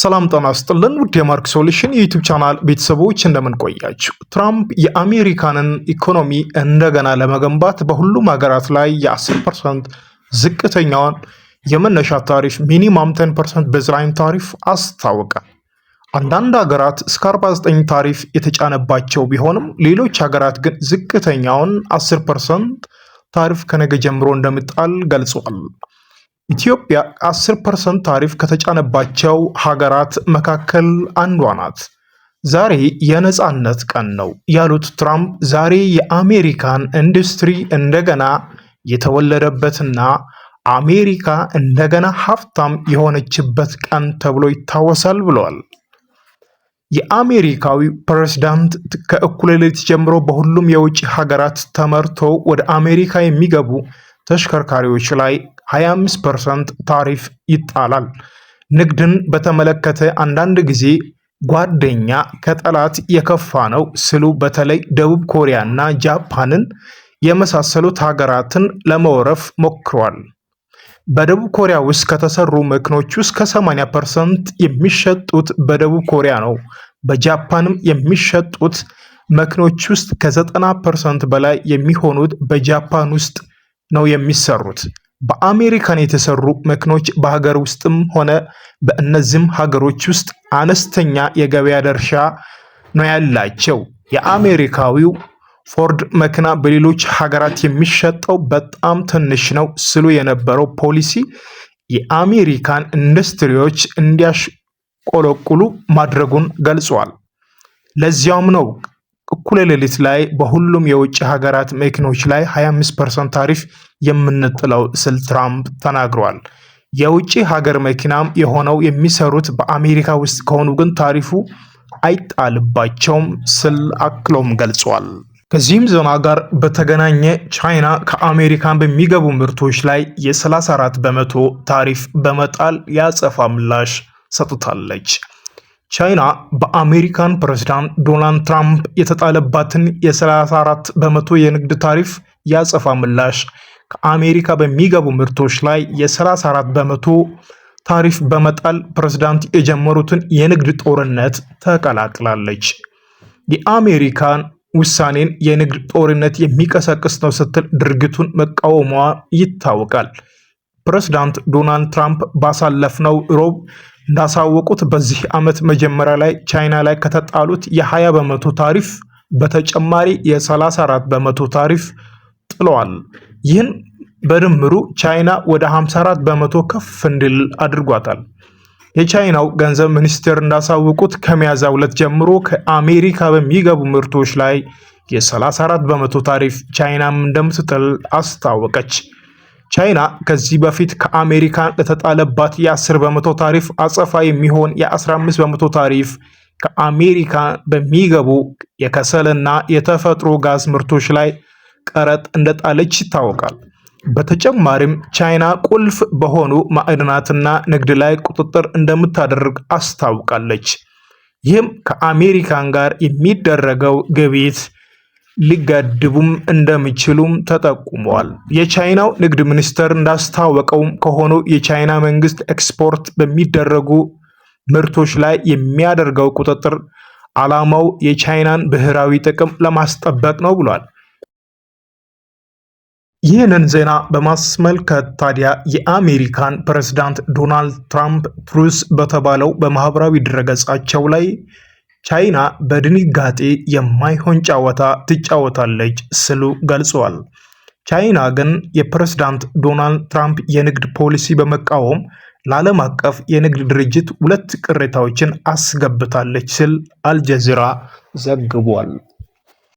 ሰላም ጤና ይስጥልን ውድ የማርክ ሶሉሽን የዩቲዩብ ቻናል ቤተሰቦች እንደምን ቆያችሁ? ትራምፕ የአሜሪካንን ኢኮኖሚ እንደገና ለመገንባት በሁሉም ሀገራት ላይ የ10 ፐርሰንት ዝቅተኛውን የመነሻ ታሪፍ ሚኒማም 10 ፐርሰንት ቤዝላይን ታሪፍ አስታወቀ። አንዳንድ ሀገራት እስከ 49 ታሪፍ የተጫነባቸው ቢሆንም ሌሎች ሀገራት ግን ዝቅተኛውን 10 ፐርሰንት ታሪፍ ከነገ ጀምሮ እንደምጣል ገልጿል። ኢትዮጵያ 10% ታሪፍ ከተጫነባቸው ሀገራት መካከል አንዷ ናት። ዛሬ የነጻነት ቀን ነው ያሉት ትራምፕ ዛሬ የአሜሪካን ኢንዱስትሪ እንደገና የተወለደበትና አሜሪካ እንደገና ሀብታም የሆነችበት ቀን ተብሎ ይታወሳል ብለዋል። የአሜሪካዊ ፕሬዝዳንት ከእኩለ ሌሊት ጀምሮ በሁሉም የውጭ ሀገራት ተመርቶ ወደ አሜሪካ የሚገቡ ተሽከርካሪዎች ላይ 25 ፐርሰንት ታሪፍ ይጣላል። ንግድን በተመለከተ አንዳንድ ጊዜ ጓደኛ ከጠላት የከፋ ነው ስሉ በተለይ ደቡብ ኮሪያ እና ጃፓንን የመሳሰሉት ሀገራትን ለመውረፍ ሞክሯል። በደቡብ ኮሪያ ውስጥ ከተሰሩ መኪኖች ውስጥ ከ80 ፐርሰንት የሚሸጡት በደቡብ ኮሪያ ነው። በጃፓንም የሚሸጡት መኪኖች ውስጥ ከ90 ፐርሰንት በላይ የሚሆኑት በጃፓን ውስጥ ነው የሚሰሩት። በአሜሪካን የተሰሩ መኪኖች በሀገር ውስጥም ሆነ በእነዚህም ሀገሮች ውስጥ አነስተኛ የገበያ ድርሻ ነው ያላቸው። የአሜሪካዊው ፎርድ መኪና በሌሎች ሀገራት የሚሸጠው በጣም ትንሽ ነው ስሉ የነበረው ፖሊሲ የአሜሪካን ኢንዱስትሪዎች እንዲያሽቆለቁሉ ማድረጉን ገልጿል። ለዚያውም ነው እኩለ ሌሊት ላይ በሁሉም የውጭ ሀገራት መኪኖች ላይ 25% ታሪፍ የምንጥለው ስል ትራምፕ ተናግሯል። የውጭ ሀገር መኪናም የሆነው የሚሰሩት በአሜሪካ ውስጥ ከሆኑ ግን ታሪፉ አይጣልባቸውም ስል አክሎም ገልጿል። ከዚህም ዜና ጋር በተገናኘ ቻይና ከአሜሪካን በሚገቡ ምርቶች ላይ የ34 በመቶ ታሪፍ በመጣል ያጸፋ ምላሽ ሰጥታለች። ቻይና በአሜሪካን ፕሬዝዳንት ዶናልድ ትራምፕ የተጣለባትን የ34 በመቶ የንግድ ታሪፍ ያጸፋ ምላሽ ከአሜሪካ በሚገቡ ምርቶች ላይ የ34 በመቶ ታሪፍ በመጣል ፕሬዝዳንት የጀመሩትን የንግድ ጦርነት ተቀላቅላለች። የአሜሪካን ውሳኔን የንግድ ጦርነት የሚቀሰቅስ ነው ስትል ድርጊቱን መቃወሟ ይታወቃል። ፕሬዝዳንት ዶናልድ ትራምፕ ባሳለፍነው ሮብ እንዳሳወቁት በዚህ ዓመት መጀመሪያ ላይ ቻይና ላይ ከተጣሉት የ20 በመቶ ታሪፍ በተጨማሪ የ34 በመቶ ታሪፍ ጥለዋል። ይህን በድምሩ ቻይና ወደ 54 በመቶ ከፍ እንዲል አድርጓታል። የቻይናው ገንዘብ ሚኒስቴር እንዳሳወቁት ከሚያዝያ ሁለት ጀምሮ ከአሜሪካ በሚገቡ ምርቶች ላይ የ34 በመቶ ታሪፍ ቻይናም እንደምትጥል አስታወቀች። ቻይና ከዚህ በፊት ከአሜሪካን ለተጣለባት የ10 በመቶ ታሪፍ አጸፋ የሚሆን የ15 በመቶ ታሪፍ ከአሜሪካ በሚገቡ የከሰልና የተፈጥሮ ጋዝ ምርቶች ላይ ቀረጥ እንደጣለች ይታወቃል። በተጨማሪም ቻይና ቁልፍ በሆኑ ማዕድናትና ንግድ ላይ ቁጥጥር እንደምታደርግ አስታውቃለች። ይህም ከአሜሪካን ጋር የሚደረገው ግብይት ሊገድቡም እንደሚችሉም ተጠቁሟል። የቻይናው ንግድ ሚኒስቴር እንዳስታወቀውም ከሆነው የቻይና መንግስት ኤክስፖርት በሚደረጉ ምርቶች ላይ የሚያደርገው ቁጥጥር ዓላማው የቻይናን ብሔራዊ ጥቅም ለማስጠበቅ ነው ብሏል። ይህንን ዜና በማስመልከት ታዲያ የአሜሪካን ፕሬዝዳንት ዶናልድ ትራምፕ ትሩስ በተባለው በማህበራዊ ድረገጻቸው ላይ ቻይና በድንጋጤ የማይሆን ጨዋታ ትጫወታለች ስሉ ገልጸዋል። ቻይና ግን የፕሬዝዳንት ዶናልድ ትራምፕ የንግድ ፖሊሲ በመቃወም ለዓለም አቀፍ የንግድ ድርጅት ሁለት ቅሬታዎችን አስገብታለች ሲል አልጀዚራ ዘግቧል።